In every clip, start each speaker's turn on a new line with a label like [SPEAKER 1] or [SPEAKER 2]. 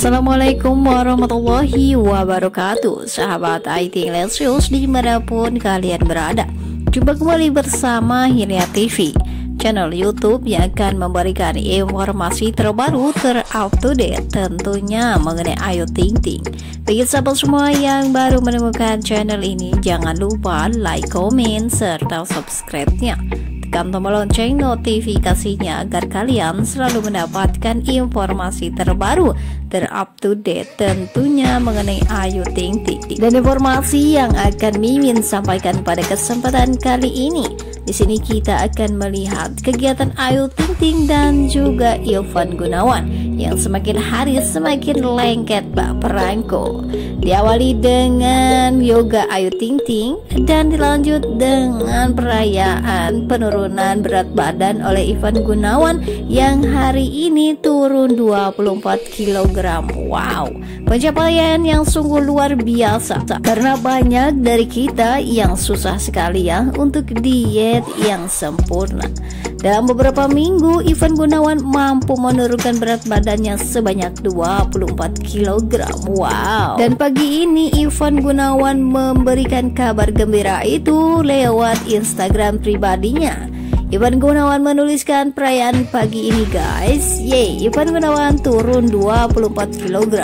[SPEAKER 1] Assalamualaikum warahmatullahi wabarakatuh Sahabat IT Lesius dimanapun kalian berada Jumpa kembali bersama Hilya TV Channel Youtube yang akan memberikan informasi terbaru terupdate tentunya mengenai Ayu Ting Ting Bagi sahabat semua yang baru menemukan channel ini Jangan lupa like, komen, serta subscribe-nya aktifkan tombol lonceng notifikasinya agar kalian selalu mendapatkan informasi terbaru terupdate tentunya mengenai Ayu Ting Ting dan informasi yang akan Mimin sampaikan pada kesempatan kali ini. Di sini kita akan melihat kegiatan Ayu Ting Ting dan juga Ivan Gunawan yang semakin hari semakin lengket Pak perangko. Diawali dengan yoga Ayu Ting Ting dan dilanjut dengan perayaan penurunan berat badan oleh Ivan Gunawan yang hari ini turun 24 kg. Wow, pencapaian yang sungguh luar biasa karena banyak dari kita yang susah sekali ya untuk diet diet yang sempurna. Dalam beberapa minggu, Ivan Gunawan mampu menurunkan berat badannya sebanyak 24 kg. Wow. Dan pagi ini Ivan Gunawan memberikan kabar gembira itu lewat Instagram pribadinya. Ivan Gunawan menuliskan perayaan pagi ini guys Yeay, Ivan Gunawan turun 24 kg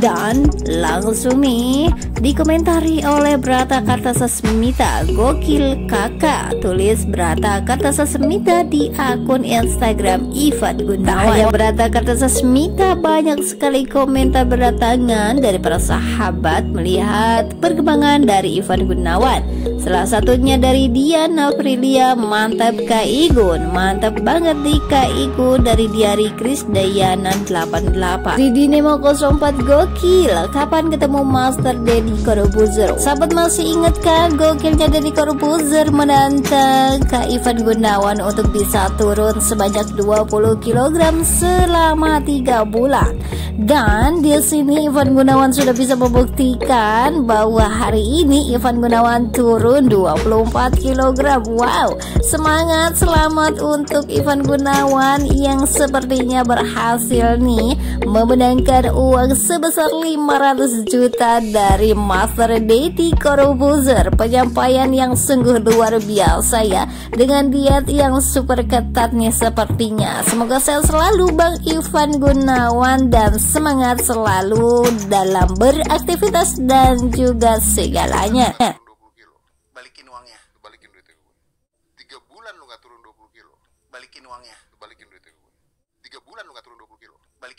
[SPEAKER 1] dan langsung nih dikomentari oleh Brata Kartasasmita gokil kakak tulis Brata Kartasasmita di akun Instagram Ivan Gunawan ya Brata Kartasasmita banyak sekali komentar berdatangan dari para sahabat melihat perkembangan dari Ivan Gunawan Salah satunya dari Diana Prilia Mantap Kak Igun Mantap banget di Kak Igun Dari diari Chris Dayanan 88 Didi Nemo 04 Gokil Kapan ketemu Master Deddy Corbuzer? Sahabat masih inget kan Gokilnya Deddy Corbuzer menantang Kak Ivan Gunawan Untuk bisa turun sebanyak 20 kg selama 3 bulan dan di sini Ivan Gunawan sudah bisa membuktikan bahwa hari ini Ivan Gunawan turun turun 24 kg Wow semangat selamat untuk Ivan Gunawan yang sepertinya berhasil nih Memenangkan uang sebesar 500 juta dari Master Deti Corbuzier Penyampaian yang sungguh luar biasa ya Dengan diet yang super ketat nih sepertinya Semoga sehat selalu Bang Ivan Gunawan Dan semangat selalu dalam beraktivitas dan juga segalanya.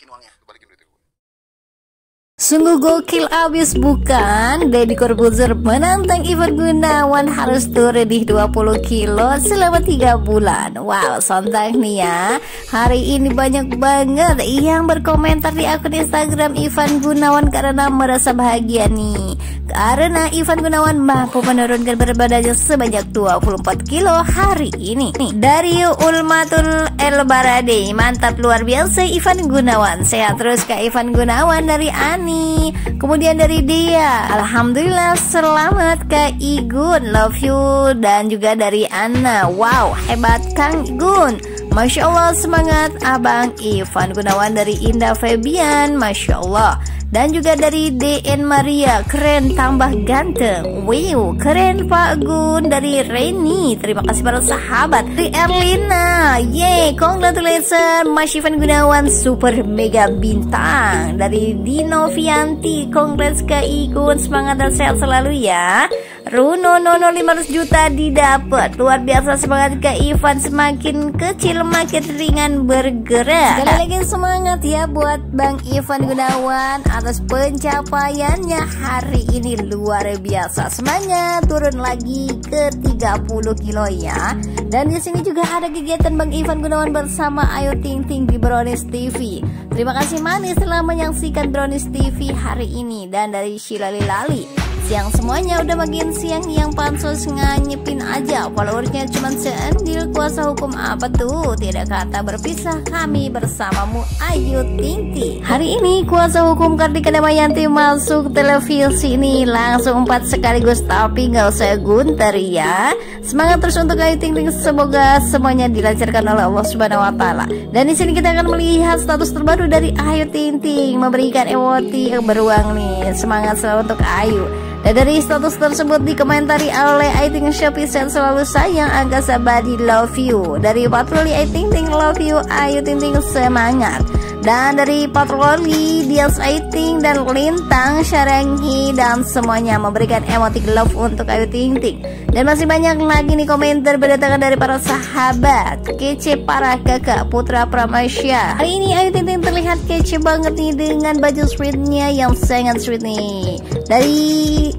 [SPEAKER 1] balikin uangnya. balikin Sungguh gokil abis bukan? Deddy Corbuzier menantang Ivan Gunawan harus turun di 20 kilo selama 3 bulan Wow, sontak nih ya Hari ini banyak banget yang berkomentar di akun Instagram Ivan Gunawan karena merasa bahagia nih karena Ivan Gunawan mampu menurunkan berat badannya sebanyak 24 kilo hari ini. Nih, dari Ulmatul El mantap luar biasa Ivan Gunawan. Sehat terus Kak Ivan Gunawan dari Ani. Kemudian dari dia Alhamdulillah selamat ke Igun Love you Dan juga dari Anna Wow hebat Kang Igun Masya Allah semangat Abang Ivan Gunawan dari Indah Febian Masya Allah dan juga dari DN Maria Keren tambah ganteng Wow keren Pak Gun Dari Reni Terima kasih para sahabat Dari Erlina Yeay Congratulations Mas Ivan Gunawan Super mega bintang Dari Dino Fianti Congrats ke Igun Semangat dan sehat selalu ya Runo Nono 500 juta didapat Luar biasa semangat Kak Ivan Semakin kecil makin ringan bergerak Sekali lagi semangat ya buat Bang Ivan Gunawan Atas pencapaiannya hari ini luar biasa Semangat turun lagi ke 30 kilo ya Dan di sini juga ada kegiatan Bang Ivan Gunawan bersama Ayu Ting Ting di Brownies TV Terima kasih manis telah menyaksikan Brownies TV hari ini Dan dari Sheila Lali siang semuanya udah makin siang yang pansos nganyepin aja followernya cuma seendil kuasa hukum apa tuh tidak kata berpisah kami bersamamu Ayu Ting hari ini kuasa hukum Kartika Damayanti masuk televisi ini langsung empat sekaligus tapi nggak usah gunter ya semangat terus untuk Ayu Ting semoga semuanya dilancarkan oleh Allah Subhanahu Wa Taala dan di sini kita akan melihat status terbaru dari Ayu Ting Ting memberikan yang beruang nih semangat selalu untuk Ayu dan dari status tersebut dikomentari oleh I Think Shopee Sen selalu sayang Agasa di Love You Dari Patroli I Think Think Love You Ayu Ting Ting semangat dan dari Patroli, Dias Aiting dan Lintang Syarenghi dan semuanya memberikan emotik love untuk Ayu Ting Ting dan masih banyak lagi nih komentar berdatangan dari para sahabat kece para kakak Putra Pramasya hari ini Ayu Ting Ting terlihat kece banget nih dengan baju sweetnya yang sangat sweet nih dari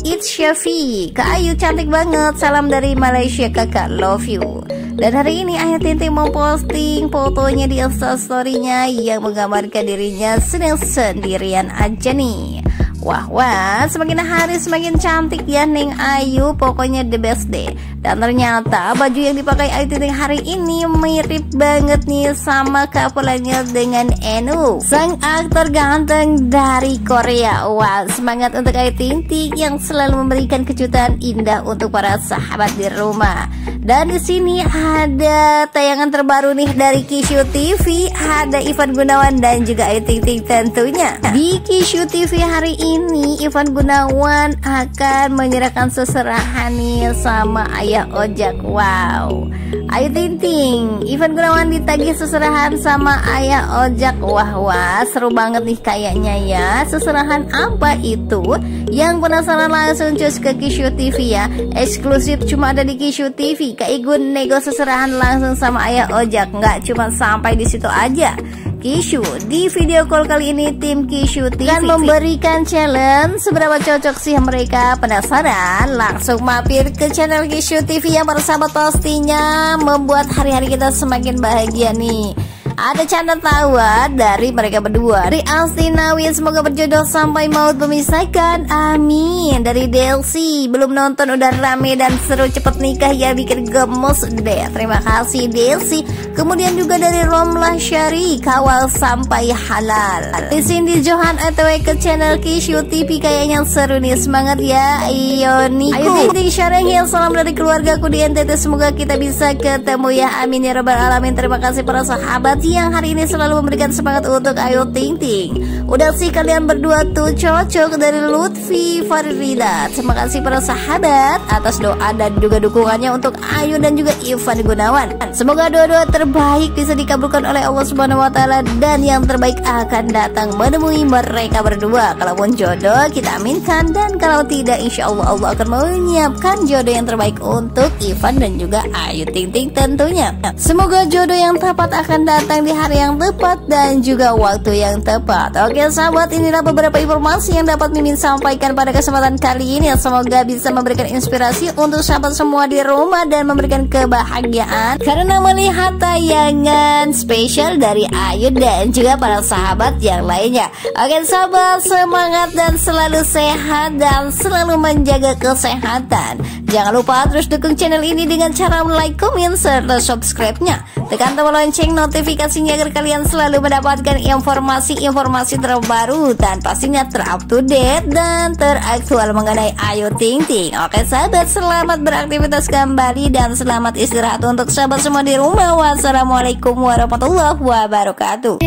[SPEAKER 1] It's Shafi Kak Ayu cantik banget salam dari Malaysia kakak love you dan hari ini Ayah Tintin memposting fotonya di story-nya yang menggambarkan dirinya sedang sendirian aja nih Wah wah semakin hari semakin cantik ya Neng Ayu pokoknya the best deh Dan ternyata baju yang dipakai Ayu Tinti hari ini mirip banget nih sama kapulannya dengan Enu Sang aktor ganteng dari Korea Wah semangat untuk Ayu Tinti yang selalu memberikan kejutan indah untuk para sahabat di rumah dan di sini ada tayangan terbaru nih dari Kishu TV, ada Ivan Gunawan dan juga Ayu Ting Ting tentunya. Di Kishu TV hari ini Ivan Gunawan akan menyerahkan seserahan nih sama Ayah Ojak. Wow. Ayu Ting Ting, Ivan Gunawan ditagih seserahan sama Ayah Ojak. Wah wah, seru banget nih kayaknya ya. Seserahan apa itu? Yang penasaran langsung cus ke Kishu TV ya. Eksklusif cuma ada di Kishu TV. Kak Igun nego seserahan langsung sama ayah Ojak Nggak cuma sampai di situ aja Kishu Di video call kali ini tim Kishu TV Dan memberikan challenge Seberapa cocok sih mereka Penasaran? Langsung mampir ke channel Kishu TV Yang bersama pastinya Membuat hari-hari kita semakin bahagia nih ada canda tawa dari mereka berdua Dari Austin Semoga berjodoh sampai maut memisahkan Amin Dari Delsi Belum nonton udah rame dan seru Cepet nikah ya bikin gemes deh Terima kasih Delsi Kemudian juga dari Romlah Syari kawal sampai halal. Di di Johan ATW ke channel Kishu TV kayaknya seru nih semangat ya Ayo niko. Ayo dinding sharing ya salam dari keluarga aku di NTT semoga kita bisa ketemu ya amin ya rabbal alamin. Terima kasih para sahabat yang hari ini selalu memberikan semangat untuk Ayo Ting Ting. Udah sih kalian berdua tuh cocok dari Lutfi Farida. Terima kasih para sahabat atas doa dan juga dukungannya untuk Ayu dan juga Ivan Gunawan. Semoga doa doa terbaik bisa dikabulkan oleh Allah Subhanahu wa taala dan yang terbaik akan datang menemui mereka berdua. Kalaupun jodoh kita aminkan dan kalau tidak insya Allah Allah akan menyiapkan jodoh yang terbaik untuk Ivan dan juga Ayu Ting Ting tentunya. Semoga jodoh yang tepat akan datang di hari yang tepat dan juga waktu yang tepat. Oke sahabat, inilah beberapa informasi yang dapat Mimin sampaikan pada kesempatan kali ini. Semoga bisa memberikan inspirasi untuk sahabat semua di rumah dan memberikan kebahagiaan karena melihat tayangan spesial dari Ayu dan juga para sahabat yang lainnya. Oke sahabat, semangat dan selalu sehat dan selalu menjaga kesehatan. Jangan lupa terus dukung channel ini dengan cara like, komen, serta subscribe-nya. Tekan tombol lonceng notifikasinya agar kalian selalu mendapatkan informasi-informasi terbaru dan pastinya terupdate dan teraktual mengenai Ayu Ting Ting. Oke sahabat, selamat beraktivitas kembali dan selamat istirahat untuk sahabat semua di rumah. Was Assalamualaikum warahmatullahi wabarakatuh.